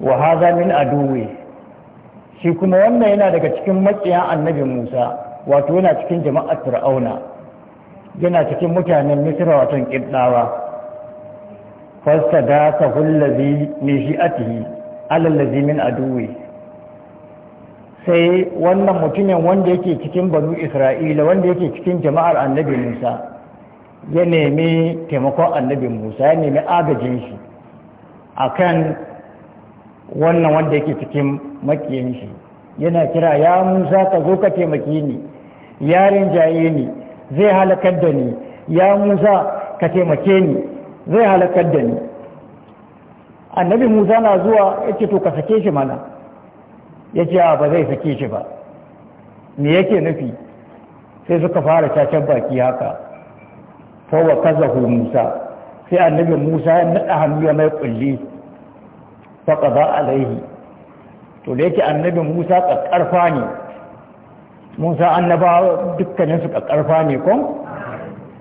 wa haza min aduwe shi kuma wannan yana daga cikin matsayin annabi musa wato yana cikin jama'ar fir'auna yana cikin mutanen misra wato kiddawa fasta da ka shi mai shi'atihi alallazi min aduwi sai wannan mutumin wanda yake cikin banu isra'ila wanda yake cikin jama'ar annabi musa ya nemi taimakon annabi musa ya nemi agajin shi akan wannan wanda yake cikin makiyin shi yana kira ya musa ka zo ka taimaki ni Yarin jaye ni zai halakar da ni ya musa ka taimake ni zai halakar da ni annabi musa na zuwa ya ce to ka sake shi mana ya ce a ba zai sake shi ba me yake nufi sai suka fara cacen baki haka fawa kazahu musa sai annabi musa ya naɗa hannu ya mai kulli faƙa a alaihi to da yake annabi musa ƙarƙarfa ne musa annabawa dukkanin su karfa ne ko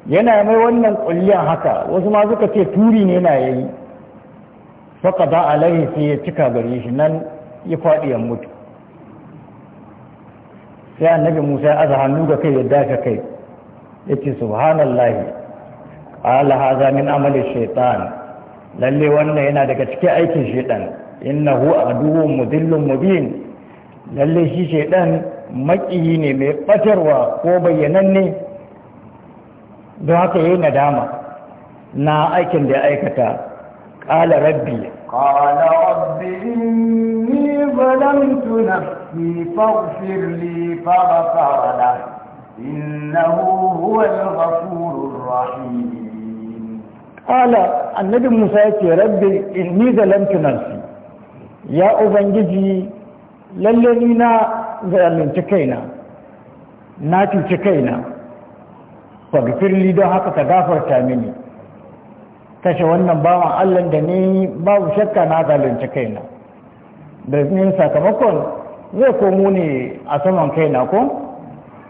yana mai wannan kulliyar haka wasu ma suka ce turi ne na yayi faka da alaihi sai ya cika gare shi nan ya faɗi ya mutu sai annabi musa ya aza hannu ga kai ya dafa kai ya ce subhanallahi ala haza min amali shaitan lalle wannan yana daga cikin aikin shaitan innahu aduwwun mudillun mubin lalle shi shaitan maƙiyi ne mai ɓatarwa ko bayyananne don haka yi nadama na aikin da ya aikata ƙala rabbi ƙala rabbi inni zalamtu nafsi faghfir li faghfara la innahu huwal ghafurur rahim ƙala annabi Musa yace rabbi inni zalamtu nafsi ya ubangiji lalle ni na zalunci kaina na cuci kaina fagfirli don haka ka gafarta mini kashe wannan bawan allah da ni babu shakka na zalunci kaina da yin sakamakon zai komo ne a saman kaina ko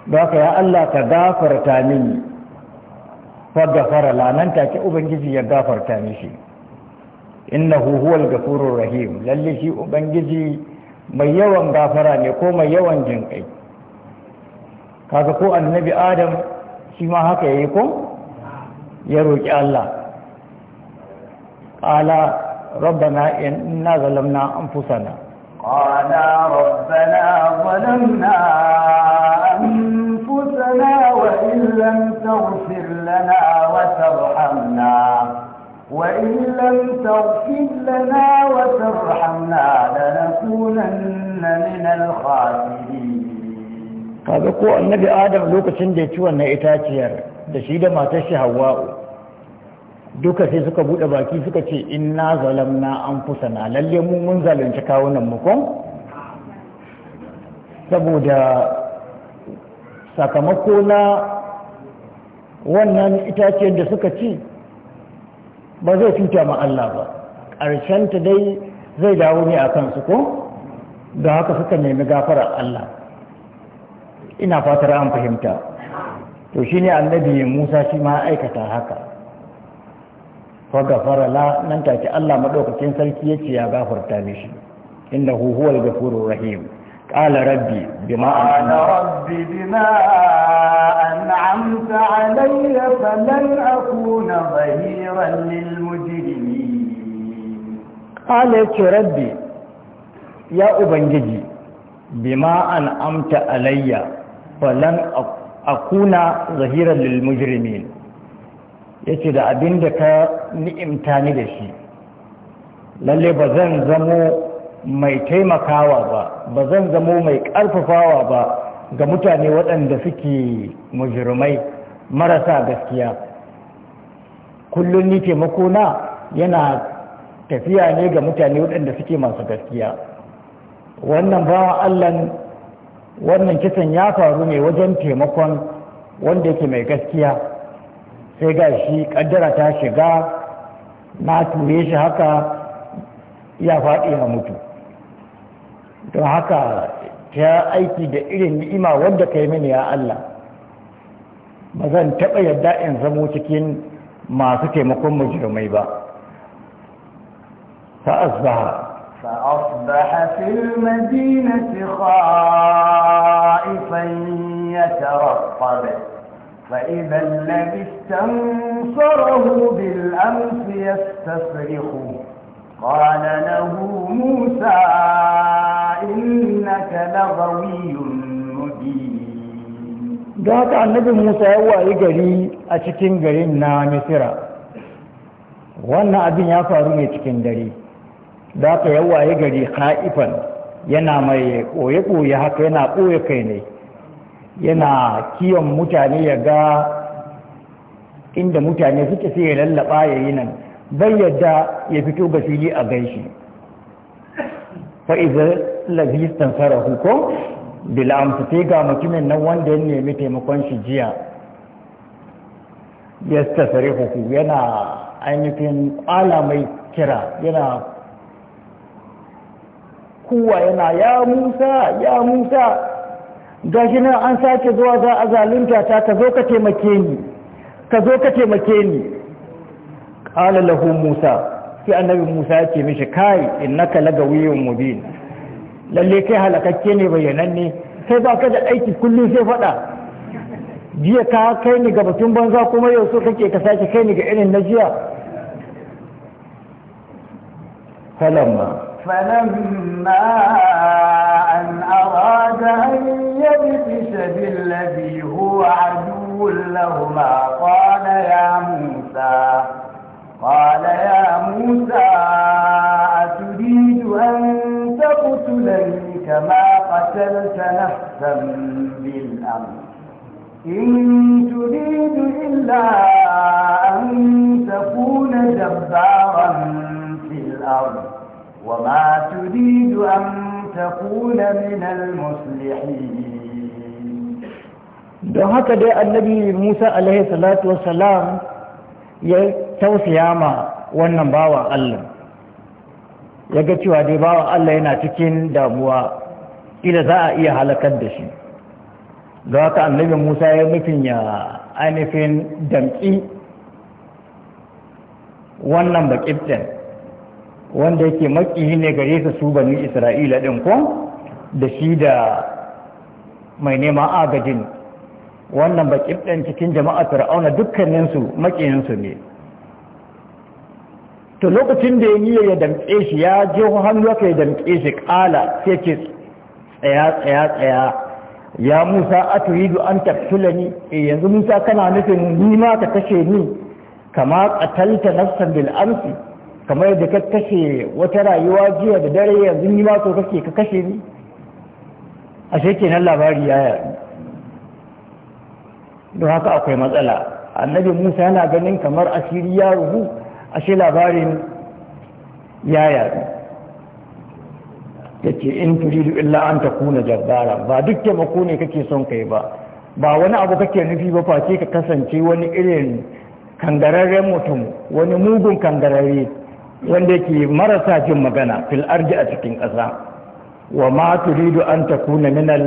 da haka ya allah ka gafarta mini fagafara lanan take ubangiji ya gafarta mishi innahu huwal gafurur rahim lalle shi ubangiji mai yawan gafara ne ko mai yawan jin kai kaga ko annabi adam shi ma haka yayi ko ya roki Allah qala rabbana inna zalamna anfusana qala rabbana zalamna anfusana wa illam taghfir lana wa tarhamna وإن لم تغفر لنا وترحمنا لنكونن من الخاسرين kaga ko annabi adam lokacin da ya ci wannan itaciyar da shi da matar shi hawa'u duka sai suka bude baki suka ce inna zalamna anfusana lalle mu mun zalunci kawunan mu kon saboda sakamako na wannan itaciyar da suka ci ba zai cuta ma Allah ba ta dai zai dawo ne a kansu ko da haka suka nemi gafarar Allah ina fatar an fahimta to shi ne annabi Musa shi ma aikata haka fa gafara la nan take Allah madaukakin sarki yace ya gafarta mishi inda huwal ghafurur rahim قال ربي بما قال ربي بما أنعمت علي فلن أكون ظهيرا للمجرمين قال لك ربي يا أبنجي بما أنعمت علي فلن أكون ظهيرا للمجرمين yace da abin da ka ni'imta ni da shi lalle ba zan zamo mai taimakawa ba ba zan zamo mai ƙarfafawa ba ga mutane waɗanda suke mujirmai marasa gaskiya kullum ni taimako yana tafiya ne ga mutane waɗanda suke masu gaskiya wannan bawa allan wannan kisan ya faru ne wajen taimakon wanda yake mai gaskiya sai ga shi kaddara ta shiga na ture shi haka ya faɗi ya mutu don haka ta aiki da irin ni'ima wadda ka yi mini ya Allah ba zan taɓa yadda in zamo cikin masu taimakon mujirmai ba فأصبح فأصبح في المدينة خائفا يترقب فإذا الذي استنصره بالأمس يستصرخه قال له موسى innaka laghawiyyun da haka annabi musa ya wayi gari a cikin garin na misira wannan abin ya faru ne cikin dare da haka ya wayi gari ha'ifan yana mai koye-koye haka yana koye kai ne yana kiyon mutane ya ga inda mutane suke sai ya lallaba ya yi nan bayyada ya fito ga fili a gaishe fa'izar lazistan sarahu Bila bil'amsu sai ga mutumin nan wanda ya nemi taimakon shi jiya ya tsare huku yana ainihin kwala mai kira yana kuwa yana ya musa ya musa gashi nan an sake zuwa za a zalunta ta ka zo ka taimake ni ka zo ka taimake ni qala lahu musa sai annabi musa ya ce mishi kai innaka lagawiyun mubin lalle kai halakakke ne bayyananne kai ba ka da aiki kullum sai faɗa jiya ka kai ni ga batun banza kuma yau so kake ka sake kai ni ga irin na jiya falamma فلما أن أراد أن يبتش بالذي هو عدو لهما قال يا موسى قال يا موسى أن تقتلني كما قتلت نفسا بالأمر إن تريد إلا أن تكون جبارا في الأرض وما تريد أن تكون من المصلحين don haka dai annabi musa alaihi salatu wasalam ya tausaya ma wannan bawa allah ya ga cewa dai bawa Allah yana cikin damuwa ila za a iya halakar da shi da haka annabi Musa ya nufin ya ainihin damƙi wannan baƙiftin wanda yake maƙiyi ne gare su su bani Isra'ila ɗin ko da shi da mai neman agajin wannan baƙiftin cikin jama'a fir'auna dukkaninsu maƙiyinsu ne to lokacin da ya niyya ya damƙe shi ya je hannu aka ya damƙe shi ƙala sai ce tsaya tsaya tsaya ya musa a turidu an tafsula ni e yanzu musa kana nufin nima ka kashe ni kama ƙatalta nafsan bil amsi kamar yadda ka kashe wata rayuwa jiya da dare yanzu ni ma so kake ka kashe ni ashe kenan labari ya don haka akwai matsala annabi musa yana ganin kamar asiri ya rubu. ashe labarin ya yadu ya ce in turidu illa an ta kuna jabbara ba duk taimako ne kake son kai ba ba wani abu kake nufi ba face ka kasance wani irin kangararren mutum wani mugun kangararre wanda ke marasa jin magana fil arji a cikin kasa wa ma turidu an ta kuna minal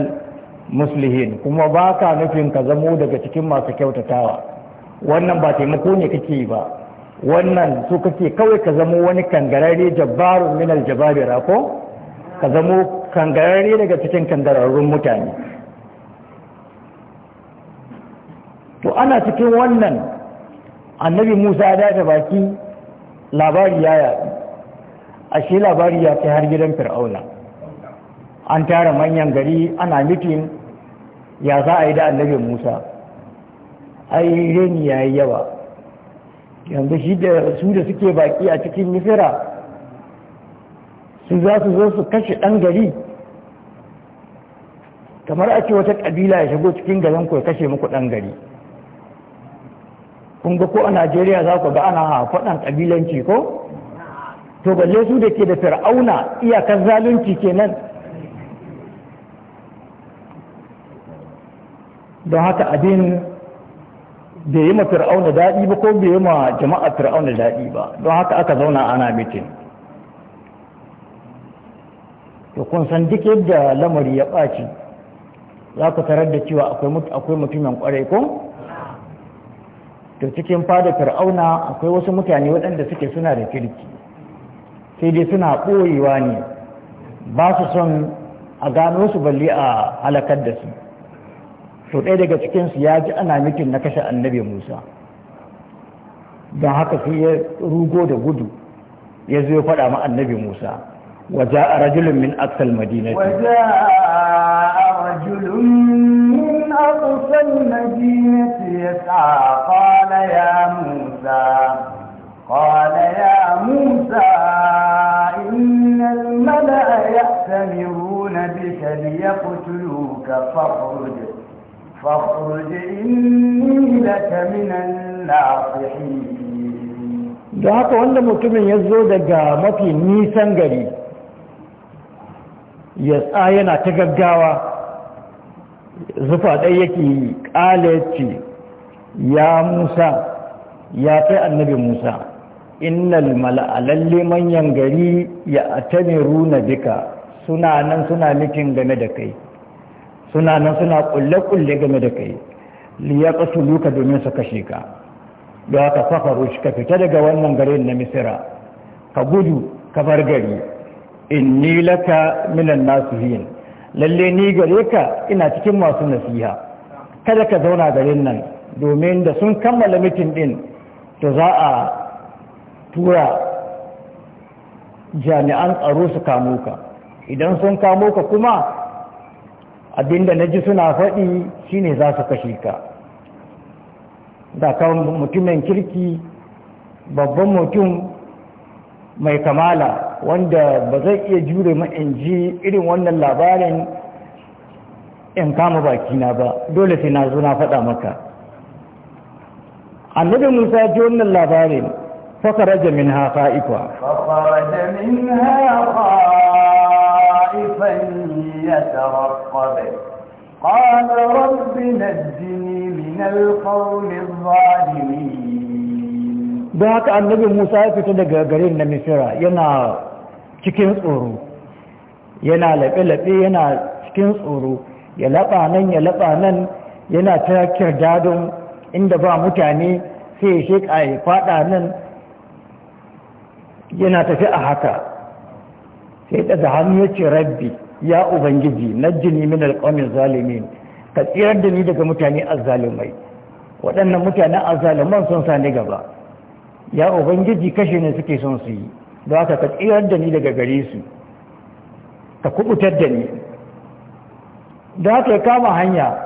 muslihin kuma ba ka nufin ka zamo daga cikin masu kyautatawa wannan ba taimako ne kake ba wannan su kake kawai ka zamo wani kangararre jabbarun min aljababira ko ka zamo kangararre daga cikin kangararrun mutane to ana cikin wannan annabi musa ya dace baki labari ya yaɗu ashe labari ya fi har gidan fir'auna an tara manyan gari ana mitin ya za a yi da annabi musa ai reni ya yawa yanzu shi da su da suke baki a cikin misira su za su zo su kashe ɗan gari kamar a ce wata ƙabila ya shigo cikin garin ku ya kashe muku ɗan gari kun ga ko a najeriya za ku ga ana faɗan ƙabilanci ko to balle su da ke da fir'auna iyakar zalunci kenan don haka abin bai yi ma fir'auna daɗi ba ko bai yi ma jama'a fir'auna daɗi ba don haka aka zauna ana mitin to kun san duk yadda lamari ya ɓaci za ku tarar da cewa akwai mutumin ƙwarai ko to cikin fada fir'auna akwai wasu mutane waɗanda suke suna da kirki sai dai suna ɓoyewa ne ba su son a gano su balle a halakar da su to ɗaya daga cikinsu ya ji ana mikin na kashe annabi musa don haka sai ya rugo da gudu ya zo ya faɗa ma annabi musa waja a rajulun min aksal madinati waja a rajulun min aksal madinati ya sa kwana ya musa kwana ya musa innal mala'a ya samiruna bika liyaqtuluka fakhruj فاخرج إني لك من الناصحين da haka wanda mutumin ya zo daga mafi nisan gari ya ta gaggawa zufa ɗai yake ƙalace ya musa ya kai annabi musa innal mala'alalle manyan gari ya atame na bika suna nan suna nufin game da kai suna nan suna kulle-kulle game da kai liya luka domin su kashe ka da aka safaru shi ka fita daga wannan garin na misira ka gudu ka bar gari inni laka minan nasihin lalle ni gare ka ina cikin masu nasiha kada ka zauna garin nan domin da sun kammala mitin din to za a tura jami'an tsaro su kamo ka idan sun kamo ka kuma abinda na ji suna faɗi shine za su kashe ka da mutumin kirki babban mutum mai kamala wanda ba zai iya jure in ji irin wannan labarin in kama bakina ba dole sai na zo na faɗa maka annabi musa ji wannan labarin fakaraja min ha fa'ifa fakaraja min ha fa'ifan يترقب قال رب نجني من القوم الظالمين Don haka annabin Musa ya fita daga garin na Misira yana cikin tsoro yana laɓe-laɓe yana cikin tsoro ya laɓa nan ya laɓa nan yana ta kirdadon inda ba mutane sai ya sheƙa ya faɗa nan yana tafi a haka sai ɗaga hannu ya ce rabbi ya ubangiji jini min alqawmi zalimin ka tsirar da ni daga mutane azzalumai waɗannan mutanen azzaluman sun sa ni gaba ya ubangiji kashe ne suke son su yi don haka ka tsirar da ni daga gare su ka kubutar da ni da haka ya kama hanya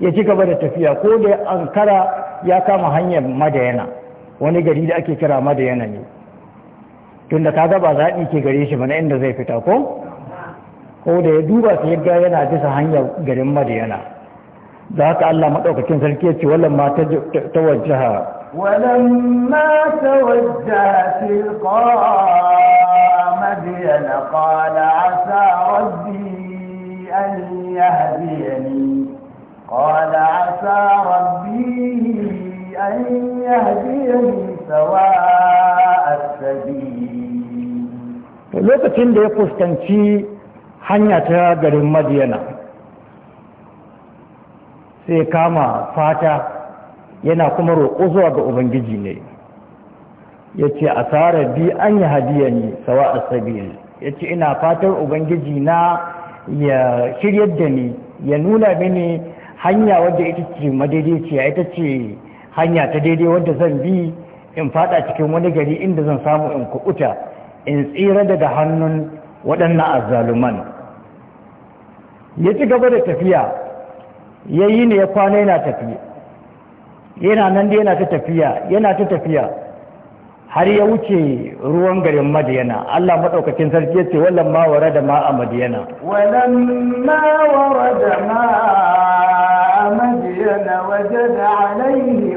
ya ci gaba da tafiya ko da ankara ya kama hanyar madayana wani gari da ake kira madayana ne tunda ka ga ba zaɓi ke gare shi mana inda zai fita ko ko da ya duba su yadda yana bisa hanyar garin madiyana da haka allah maɗaukacin sarki ya ce wallan ma ta wajaha ولما توجه تلقاء مدين قال عسى ربي أن يهديني قال عسى ربي أن يهديهم سواء السبيل lokacin da ya fuskanci hanya ta garin madiyana sai kama fata yana kuma roƙo zuwa ga ubangiji ne ya ce a tsara bi an yi hadiya ne sawa a ya ce ina fatar ubangiji na ya shiryar da ni ya nuna mini hanya wadda ita ce madaidaiciya ita ce hanya ta daidai wadda zan bi in fada cikin wani gari inda zan samu in kuɓuta in tsira daga hannun waɗannan azzaluman ya ci gaba da tafiya ya yi ne ya kwana yana tafiya yana nan da yana ta tafiya yana ta tafiya har ya wuce ruwan garin madiyana Allah maɗaukacin sarki ya ce wallan ma wara da ma a madiyana wallan ma wara da ma a madiyana wajen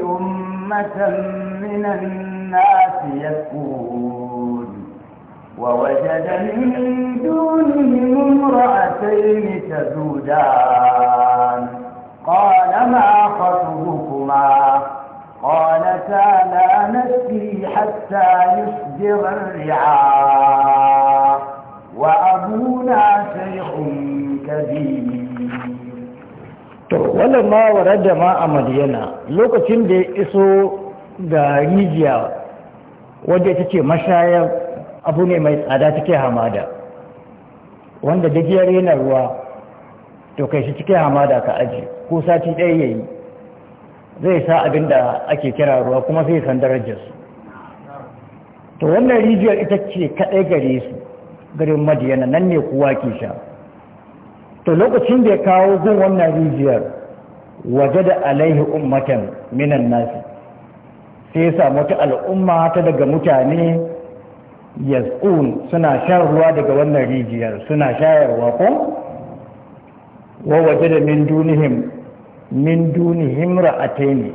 من الناس يكون ووجد من دونهم امرأتين تزودان قال ما خطبكما قالتا لا نسقي حتى يصدر الرعاء وأبونا شيخ كبير to wannan ma da ma a madiyana lokacin da ya iso ga rijiya wadda ta ce mashayar abu ne mai tsada take hamada wanda dajiyar yana ruwa to kai shi cike hamada ka aji ko sati ɗaya ya yi zai sa abin da ake kira ruwa kuma sai san darajarsu to wannan rijiyar ita ce kaɗai gare su garin madiyana nan ne kuwa ke sha to lokacin da ya kawo gun wannan rijiyar waje da alaihi ummatan minan nasi sai ya samu wata al'umma ta daga mutane yaz'un suna shan ruwa daga wannan rijiyar suna shayarwa ko wa waje da min dunihim min dunihim ne.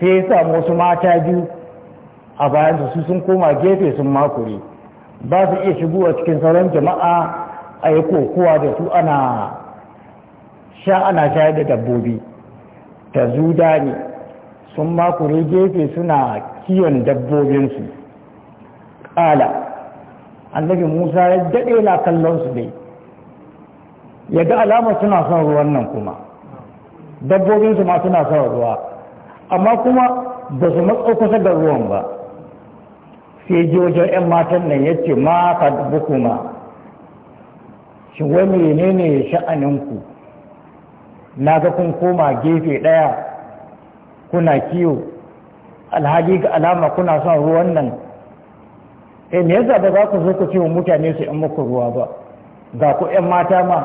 sai ya samu wasu mata biyu a bayan su sun koma gefe sun makure ba su iya shigowa cikin sauran jama'a a yi da su ana sha ana shayar da dabbobi ta zuda ne sun makure gefe suna kiyon dabbobinsu ƙala annabi musa ya daɗe na kallonsu dai ya ga alamar suna son ruwan nan kuma dabbobinsu ma suna son ruwa amma kuma ba su matsa kusa da ruwan ba sai ji wajen 'yan matan nan ya ce ma ka bukuma ki wai menene sha'aninku na ga kun koma gefe ɗaya kuna kiwo alhali ga alama kuna son ruwan nan eh me yasa ba za ku zo ku ce wa mutane su in muku ruwa ba ga ku ƴan mata ma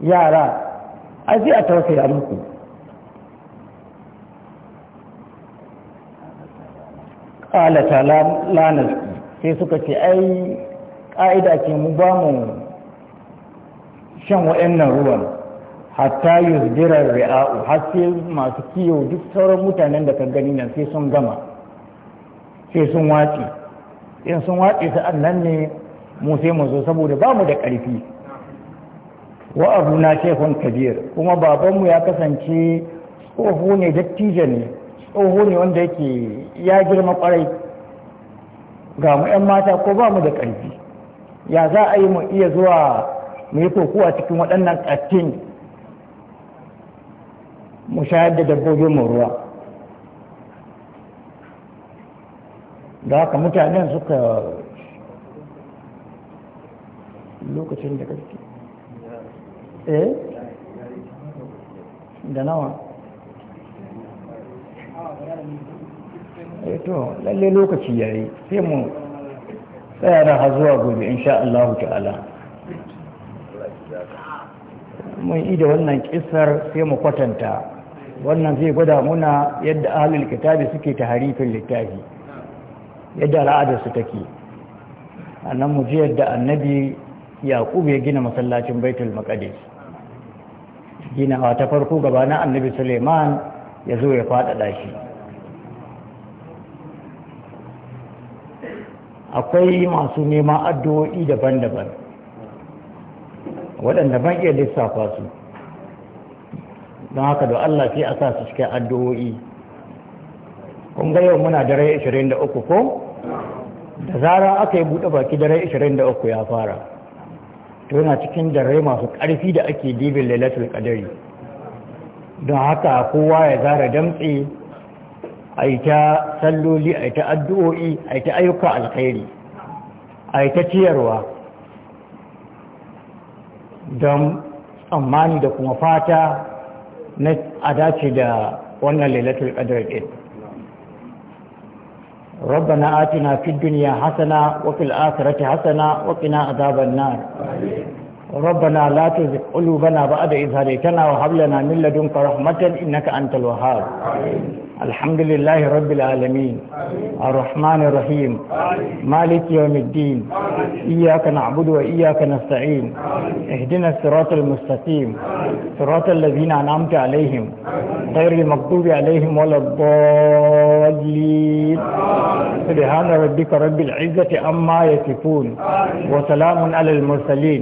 yara aji a tausaya muku ƙalata Lanas sai suka ce ai ƙa'ida ce mu ba mu shan wa'annan ruwan hatta yuzdirar ri'a'u har sai masu kiyo duk sauran mutanen da ka gani nan sai sun gama sai sun wace in sun wace sa'an nan ne mu sai mu zo saboda ba mu da ƙarfi wa abu na shekun kabir kuma babanmu ya kasance tsoho ne dattijo ne tsoho ne wanda yake ya girma kwarai ga mu 'yan mata ko ba mu da ƙarfi ya za a yi mu iya zuwa mu yi kokowa cikin waɗannan ƙattin mu shayar da dabbobin mu ruwa da haka mutanen suka lokacin da ƙarfi eh da nawa eh to lalle lokaci yayi sai mu tsaya da hazuwa gobe insha Allah ta'ala mun yi da wannan kisar sai mu kwatanta wannan zai gwada muna yadda ahalul kitabi suke ta harifin littafi yadda al'adarsu take A nan, mu ji yadda annabi yaƙubu ya gina masallacin baitul Gina wa ta farko gabanin annabi suleiman ya zo ya faɗaɗa shi akwai masu neman addu'o'i daban-daban waɗanda ban iya lissafa su don haka da Allah sai a sa su cikin addu'o'i kun ga yau muna dare 23 ko da zara aka yi buɗe baki dare 23 ya fara to yana cikin dare masu ƙarfi da ake dibin lailatul qadari don haka kowa ya zara damtse a yi ta salloli a yi ta addu'o'i a yi ta ayyuka alkhairi a yi ta ciyarwa don tsammani da kuma fata na dace da wannan lalatul adrake rabbana atina fid dunya hasana wa fil akhirati hasana wa Rabba na nar rabbana bana ba a da izhari tana wa hab lana min ladunka rahmatan innaka antal wahhab amin الحمد لله رب العالمين الرحمن الرحيم مالك يوم الدين إياك نعبد وإياك نستعين اهدنا الصراط المستقيم صراط الذين أنعمت عليهم غير المغضوب عليهم ولا الضالين سبحان ربك رب العزة أما يصفون وسلام على المرسلين